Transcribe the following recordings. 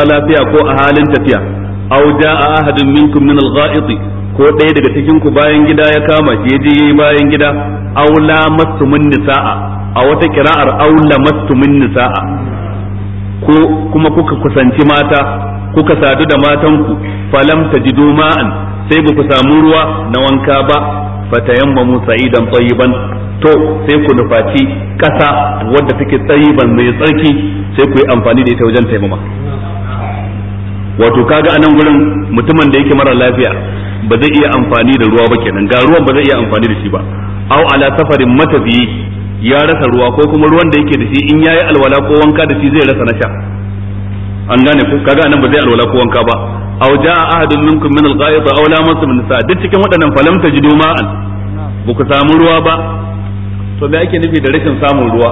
A lafiya ko a halin tafiya aw jaa ahadun minkum min al-gha'it ko ɗaya daga cikin ku bayan gida ya kama shi yaje yayi bayan gida aw lamastumun nisaa a wata kira'ar aw lamastumun nisaa ko kuma kuka kusanci mata kuka sadu da matanku falam tajidu ma'an sai ba ku samu ruwa na wanka ba fatayammamu sa'idan tayyiban to sai ku nufaci ƙasa wadda take tsayiban mai tsarki sai ku yi amfani da ita wajen taimama wato kaga anan gurin mutumin da yake mara lafiya ba zai iya amfani da ruwa ba kenan ga ruwan ba zai iya amfani da shi ba au ala safarin matafiyi ya rasa ruwa ko kuma ruwan da yake da shi in yayi alwala ko wanka da shi zai rasa na sha an gane ko kaga anan ba zai alwala ko wanka ba aw jaa ahadun minkum min al aw la masu min nisa duk cikin waɗannan falam tajidu ma'an ba ku samu ruwa ba to me ake nufi da rashin samun ruwa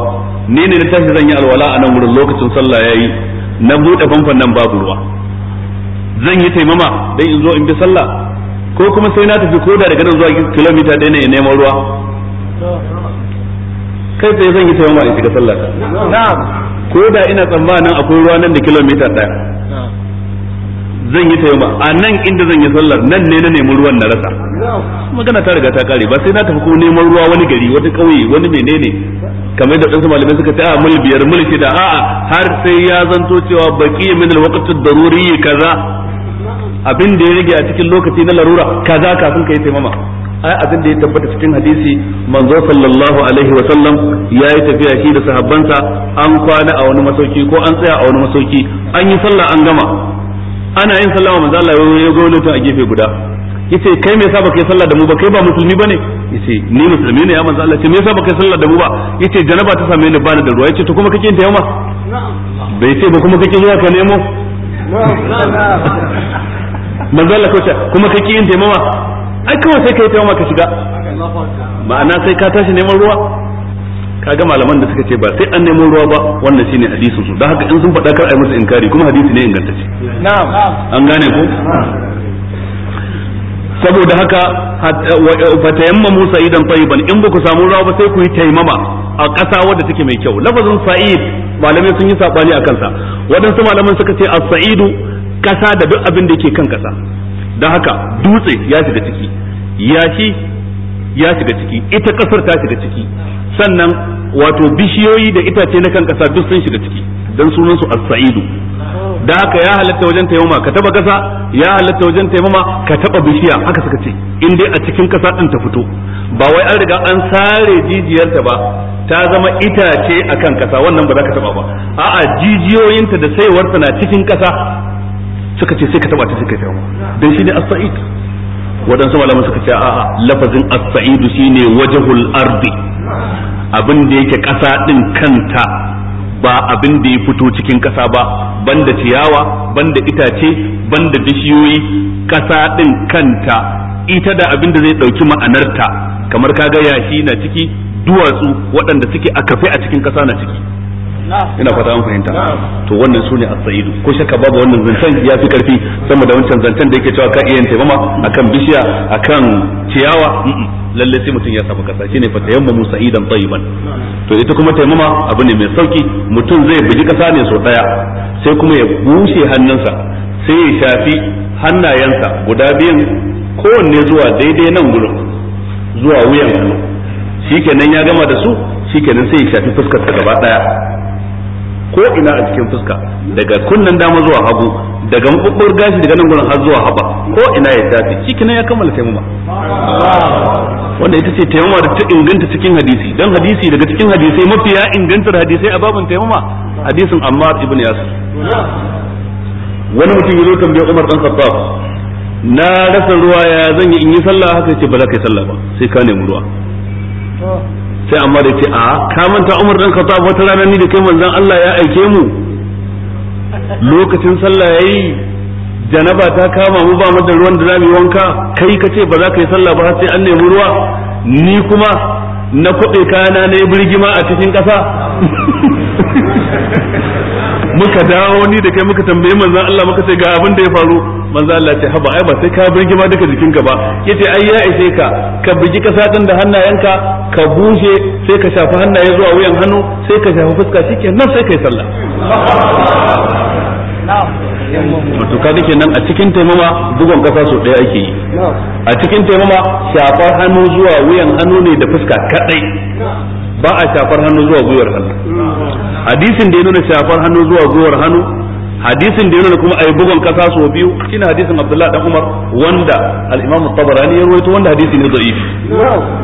ni ne na tashi zan yi alwala a nan wurin lokacin sallah yayi na buɗe famfon nan babu ruwa zan yi taimama dan in zo in bi sallah ko kuma sai na tafi koda daga nan zuwa kilomita ɗaya ne in neman ruwa kai sai zan yi taimama in shiga sallah ko da ina tsammanin akwai ruwa nan da kilomita ɗaya zan yi taimama a nan inda zan yi sallar nan ne na nemi ruwan na rasa magana ta riga ta kare ba sai na tafi ko neman ruwa wani gari wani ƙauye wani menene kamar yadda ɗansu malamai suka ce a ah, mul biyar mul shida a'a har sai ya zanto cewa baki min alwaqtu daruri kaza abin da ya rage a cikin lokaci na larura kaza kafin ka yi taimama ai abin da ya tabbata cikin hadisi manzo sallallahu alaihi wa sallam ya yi tafiya shi da sahabbansa an kwana a wani masauki ko an tsaya a wani masauki an yi sallah an gama ana yin sallah manzo Allah ya goyo mutum a gefe guda yace kai me yasa baka yi sallah da mu ba kai ba musulmi bane yace ni musulmi ne ya manzo Allah yace me yasa baka yi sallah da mu ba yace janaba ta same ni bani da ruwa yace to kuma kake yin na'am bai ce ba kuma kake zuwa ka nemo manzo Allah kauce kuma ka ki yin taimama ai kawai sai kai taimama ka shiga ma'ana sai ka tashi neman ruwa kaga malaman da suka ce ba sai an neman ruwa ba wannan shine hadisin su don haka in sun faɗa kar ai musu inkari kuma hadisi ne ingantacce na'am an gane ko saboda haka fa musa idan tayyiban in ba ku samu ruwa ba sai ku yi taimama a ƙasa wadda take mai kyau lafazin sa'id malamai sun yi sabani akan sa waɗansu malaman suka ce as-sa'idu kasa da duk abin da yake kan kasa don haka dutse ya shiga ciki yashi ya shiga ciki ita kasar ta shiga ciki sannan wato bishiyoyi da itace na kan kasa duk sun shiga ciki don sunan su as-sa'idu da haka ya halatta wajen taimama ka taba kasa ya halatta wajen taimama ka taba bishiya haka suka ce in dai a cikin kasa din ta fito ba wai an riga an sare jijiyarta ba ta zama itace akan kasa wannan ba za ka taba ba a'a jijiyoyinta da saiwarta na cikin kasa suka ce sai ka taba ta sai ka tayamu dan ne as-sa'id wadansu malaman suka ce a'a lafazin as-sa'id shine wajhul ardi abin da yake kasa din kanta ba abin da ya fito cikin kasa ba banda ciyawa banda itace banda bishiyoyi kasa din kanta ita da abin da zai dauki ma'anarta kamar kaga yashi na ciki duwatsu waɗanda suke a kafe a cikin kasa na ciki ina fata an fahimta to wannan sune as-sa'idu ko shakka babu wannan zancen ya fi karfi sama da wancan zancen da yake cewa ka iya taimama akan bishiya akan ciyawa lalle sai mutum ya samu kasa shine fa tayammamu sa'idan tayyiban to ita kuma taimama abu ne mai sauki mutum zai buji kasa ne so daya sai kuma ya bushe hannunsa sai ya shafi hannayensa guda biyan kowanne zuwa daidai nan gurin zuwa wuyan hannu shikenan ya gama da su shikenan sai ya shafi fuskar gaba daya ko ina a cikin fuska daga kunnen dama zuwa hagu daga mabubbar gashi daga nan gurin har zuwa haba ko ina ya dace cikin ya kammala taimama wanda ita ce taimama da ta inganta cikin hadisi dan hadisi daga cikin hadisai mafiya ingantar hadisai a babin taimama hadisin Ammar ibn Yasir wani mutum ya zo tambaye Umar dan Khattab na rasa ruwa ya zan yi in yi sallah haka ce ba za ka yi sallah ba sai ka nemi ruwa sai amma da ce a ka manta Umar dan Khattab wata rana ni da kai manzon Allah ya aike mu lokacin sallah yayi janaba ta kama mu ba mu da ruwan da za wanka kai ka ce ba za ka yi sallah ba har sai an nemi ruwa ni kuma na kuɗe kayana na yi birgima a cikin ƙasa muka dawo ni da kai muka tambaye manzon Allah muka ce ga abin da ya faru manzo Allah ce haba ai ba sai ka birgi ma duka jikinka ba yace ai ya ishe ka ka bigi kasa din da hannayenka ka bushe sai ka shafi hannaye zuwa wuyan hannu sai ka shafi fuska nan sai kai sallah to ka dake nan a cikin taimama bugon kasa so ɗaya ake yi a cikin taimama shafar hannu zuwa wuyan hannu ne da fuska kadai ba a shafar hannu zuwa gwiwar hannu hadisin da ya nuna shafar hannu zuwa gwiwar hannu hadisin da ya nuna kuma ayi bugun kasa so biyu shine hadisin Abdullah dan Umar wanda al-Imam tabarani ya rawaito wanda hadisi ne da'if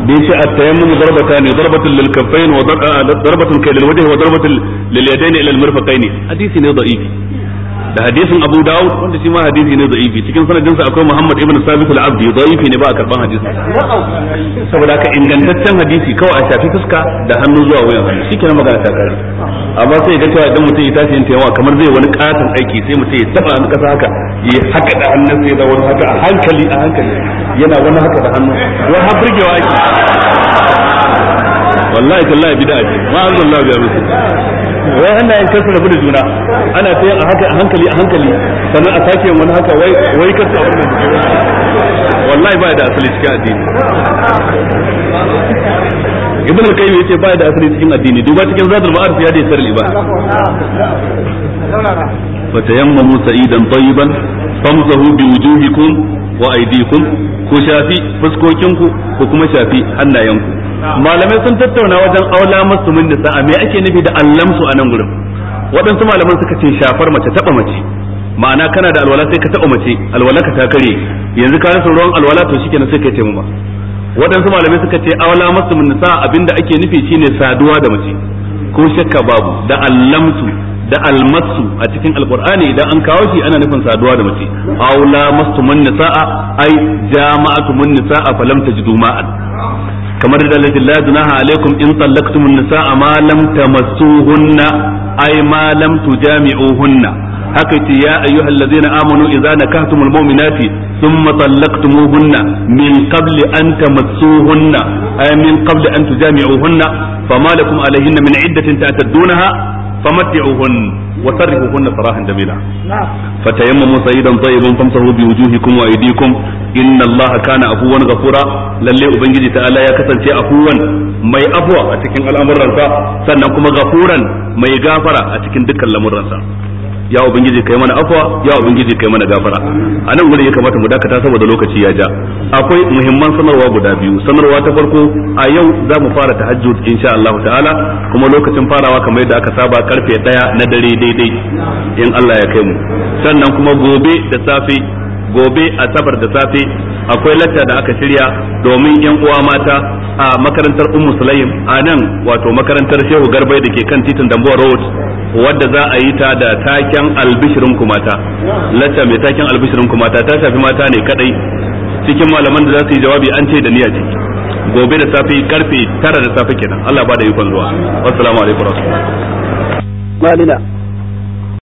da yace at-tayammum darbatani darbatun lil kaffayn wa ah, darbatun kay lil wajhi wa darbatun lil yadayn ila al-mirfaqayn hadisi ne da'if da hadisin Abu Dawud wanda shi ma hadisi ne da'ifi cikin sanadinsa akwai Muhammad ibn Sabit al-Abdi da'ifi ne ba a karban hadisin saboda ka ingantaccen hadisi kawai a shafi fuska da hannu zuwa wayan hannu shikenan magana ta kare amma sai ga cewa idan mutum ya tashi yin tayawa kamar zai wani katon aiki sai mutum ya taba an kasa haka ya haka da hannun sai da wani haka a hankali a hankali yana wani haka da hannu wai har burgewa ake wallahi tallahi bid'a ce ma Allah ya rusu wai ana yin kasu rabu da juna ana ta yin a haka a hankali a hankali sannan a sake wani haka wai wai kasu a wannan wallahi ba da asali cikin addini ibn al-qayyim yace ba da asali cikin addini duba cikin zadul ba'ad ya hadith sirri ba fa tayammamu sa'idan tayyiban famsahu bi wujuhikum wa aydikum ku shafi fuskokinku ku kuma shafi hannayenku malamai sun tattauna wajen aula musu min nisa me ake nufi da allamsu a nan gurin waɗansu malaman suka ce shafar mace taba mace ma'ana kana da alwala sai ka taɓa mace alwala ka ta kare yanzu ka rasa ruwan alwala to shikenan sai ka kai ba waɗansu malamai suka ce aula masu nisa abinda ake nufi shine saduwa da mace ko shakka babu da allamtu da almasu a cikin alqur'ani idan an kawo shi ana nufin saduwa da mace aula masu nisa'a ai jama'atu nisa'a falam tajidu ma'an kamar da lati la junaha alaikum in tallaqtumun nisa'a ma lam tamassuhunna ai ma lam tujami'uhunna haka yace ya ayyuhal ladzina amanu idza nakahtumul sun thumma talaqtumuhunna min qabli an tamassuhunna ay min qabli an tujami'uhunna fama lakum alayhinna min iddatin ta'tadunaha فمتعوهن وسرحوهن سراحا جميلا فتيمموا سيدا طيبا فامسحوا بوجوهكم وايديكم ان الله كان عفوا غفورا lalle ubangiji ta'ala ya kasance afuwan mai abuwa a cikin al'amuransa sannan kuma gafuran mai gafara a cikin dukkan lamuransa ya ubangiji kai mana afwa ya ubangiji kai mana gafara anan nan ya kamata mu dakata saboda lokaci ya ja akwai muhimman sanarwa guda biyu sanarwa ta farko a yau za mu fara tahajjud insha Allah ta'ala kuma lokacin farawa kamar yadda aka saba karfe daya na dare daidai in Allah ya kai mu sannan kuma gobe da safe gobe a safar da safe akwai lacca da aka shirya domin yan uwa mata a makarantar ummu sulaim a nan wato makarantar shehu garbai da ke kan titin dambuwa road wadda za a yi ta da taken albishirin kumata lacca mai taken albishirin kumata ta shafi mata ne kadai cikin malaman da za su yi jawabi an ce da niyya ce gobe da safe karfe tara da safe kenan Allah ba da ikon zuwa alaikum